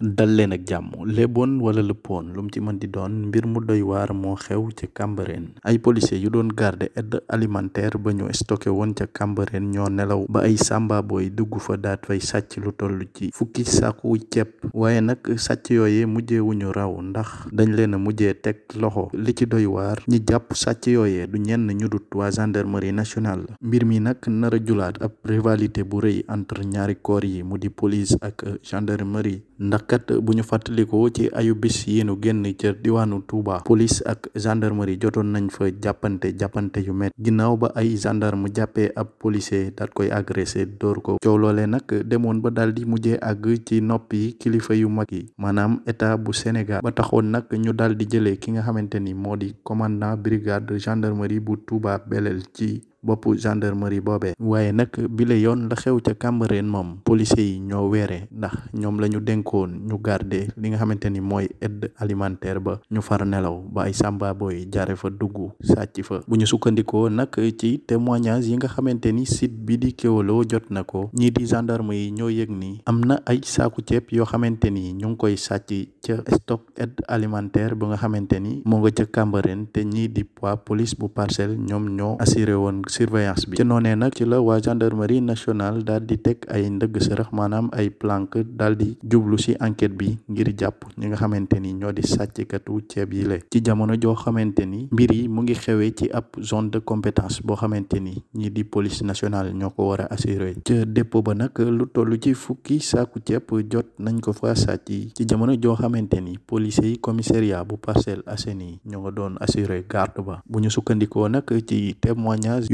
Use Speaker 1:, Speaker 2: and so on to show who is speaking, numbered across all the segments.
Speaker 1: dal leen ak jàmm léeboon wala lëppoon lu ci mën di doon mbir mu doy waar moo xew ca Cambérène ay policier yu doon garde aide alimentaire ba ñu stocké woon ca Cambérène ñoo nelaw ba ay samba booy dugg fa daat fay sàcc lu toll ci fukki sàkku ceeb waaye nag sàcc yooye ñu raw ndax dañ leen a mujjee teg loxo li ci doy waar ñi jàpp sàcc yooye du ñenn ñu dut waa gendarmerie nationale mbir mi nag nar a julaat ab rivalité bu rëy entre ñaari corps yi mu di police ak gendarmerie ndax kat bu ñu fàttalikoo ci ayu bis yi nu génn ca diwaanu Touba police ak gendarmerie jotoon nañ fa jàppante jàppante yu met ginnaaw ba ay gendarme jàppee ab policier daat koy agressé door ko coow loolee nag demoon ba daal di mujjee àgg ci noppi kilifa yu mag yi maanaam état bu Sénégal ba taxoon nag ñu daal di jëlee ki nga xamante ni moo di commandant brigade gendarmerie bu Touba Belel ci boppu gendarmerie boobee waaye nag bile yoon la xew ca Cambérène moom policiers yi ñoo weere ndax ñoom la ñu dénkoon ñu garder li nga xamante ni mooy ed alimentaire ba ñu far nelaw ba ay samba boy jaare fa dugg sàcc fa bu ñu sukkandikoo nag ci témoignage yi nga xamante ni site bi di kéwaloo jot na ko ñii di gendarme yi ñoo yëg ni am na ay saaku ceeb yoo xamante ni ñu ngi koy sàcc ca stock aide alimentaire ba nga xamante ni moo nga ca Cambérène te ñii di poids police bu parcelle ñoom ñoo assuré woon surveillance bi ca noonee nag ci la waa gendarmerie nationale daal di teg ay ndëgg sërëx maanaam ay planque daal di jublu si enquête bi ngir jàpp ñi nga xamante ni ñoo di sàcckatu ceeb yi le ci jamono joo xamante ni mbir yi mu ngi xewee ci ab zone de compétence boo xamante ni ñi di police nationale ñoo ko war a assuré ca dépôt ba nag lu tollu ci fukki saaku ceeb jot nañ ko fa sàcc ci jamono joo xamante ni police yi commissariat bu Parcelles Assainies ñoo doon assuré garde ba bu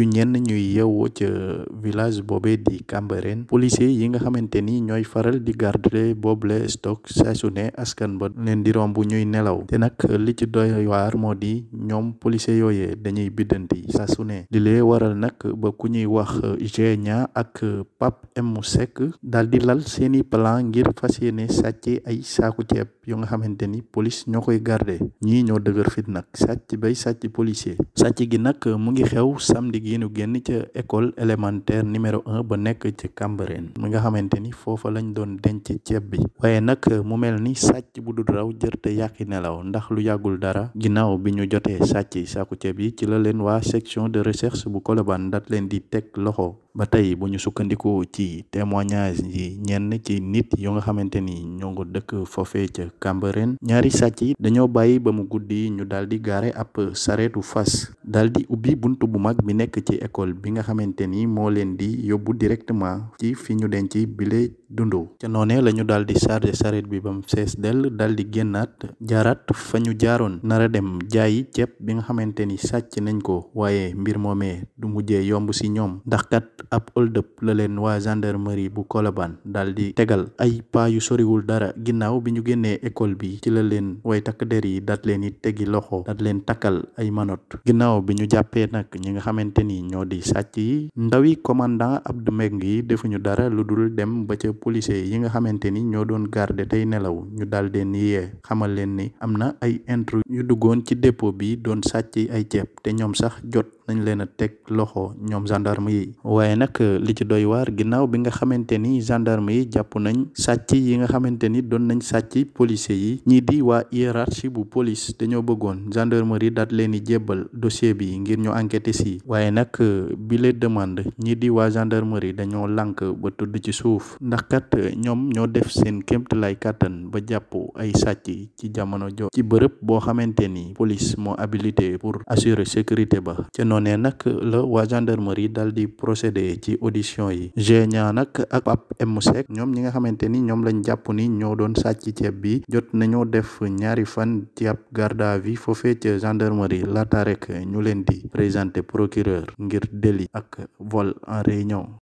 Speaker 1: ñenn ñuy yeewoo ca village boobe di Cambérène policier yi nga xamante ni ñooy faral di garder boobule stock saa su ne askan ba leen di romb ñuy nelaw te nag li ci doy waar moo di ñoom policier yooyee dañuy biddanti yi su ne li lee waral nag ba ku ñuy wax Génia ak Pape M Seck daal di lal seeni plan ngir fas yéene sacc ay saaku ceeb yu nga xamante ni police ñoo koy garde ñii ñoo dëgër fit nag sàcc bay sàcc policier sàcc gi nag mu ngi xew samedi gi nu génn ca école élémentaire numéro un ba nekk ca Cambérène mi nga xamante ni foofa lañ doon denc ceeb bi waaye nag mu mel ni sàcc bu dul raw jër te yàqi nelaw ndax lu yàggul dara ginnaaw bi ñu jotee sàcc saaku ceeb yi ci la leen waa section de recherche bu Colobane dat leen di teg loxo ba tey bu ñu sukkandiku ci témoignage yi ñenn ci nit yoo nga xamante ni ñoo ngi dëkk foofee ca Cambérène ñaari sàcc yi dañoo bàyyi ba mu guddi ñu daal di gaare ab sareetu fas daal di ubbi bunt bu mag bi nekk ci école bi nga xamante ni moo leen di yóbbu directement ci fi ñu denc bile dundu ca noonee la ñu daal di chargé charrette bi ba mu dell daal di génnaat jaaraat fa ñu jaaroon nara dem jaayi ceeb bi nga xamante ni sàcc nañ ko waaye mbir moomee du mujjee yomb si ñoom ndax kat ab hold-up la leen waa gendarmerie bu Colobane dal di tegal ay paa yu soriwul dara ginnaaw bi ñu génnee école bi ci la leen way takk der yi daat leen it tegi loxo daat leen takkal ay manot ginnaaw bi ñu jàppee nag ñi nga xamante ni ñoo di sàcc yi ndawi commandant Abdou Mbengue yi defuñu dara lu dul dem ba ca policiers yi nga xamante ni ñoo doon garder tey nelaw ñu daal deen yee xamal leen ni am na ay intrus ñu duggoon ci dépôt bi doon sàcc ay ceeb te ñoom sax jot dañ leen a teg loxo ñoom gendarme yi waaye nag euh, li ci doy waar ginnaaw bi nga xamante ni gendarme yi jàpp nañ sàcc yi nga xamante ni doon nañ sàcc policier yi ñii di waa hiérarchie bu police dañoo bëggoon gendarmerie daat leen di jébbal dossier bi ngir ñu enquêter si waaye nag euh, bi lee demande ñii di waa gendarmerie dañoo lank ba tudd ci suuf ndax kat euh, ñoom ñoo def seen kéemtalaay kàttan ba jàpp ay sàcc ci jamono jo ci bërëb boo xamante ni police moo habilité pour assurer sécurité ba noonee nag la waa gendarmerie dal di procédé ci audition yi Géna nag ak Pape M Seck ñoom ñi nga xamante ni ñoom lañ jàpp ni ñoo doon sàcc ceeb bi jot nañoo def ñaari fan ci ab garde à vue foofee ca gendarmerie laata rek ñu leen di présenter procureur ngir délit ak vol en réunion.